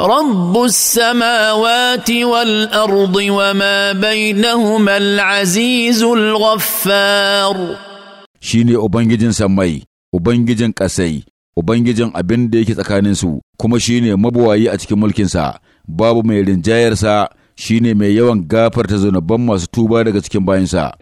رب السماوات والارض وما بينهما العزيز الغفار shine ubangijin sammai ubangijin ƙasai ubangijin abin da yake tsakaninsu kuma shine mabuwayi a cikin mulkinsa babu mai rinjayarsa shine mai yawan gafarta zunuban masu tuba daga cikin bayansa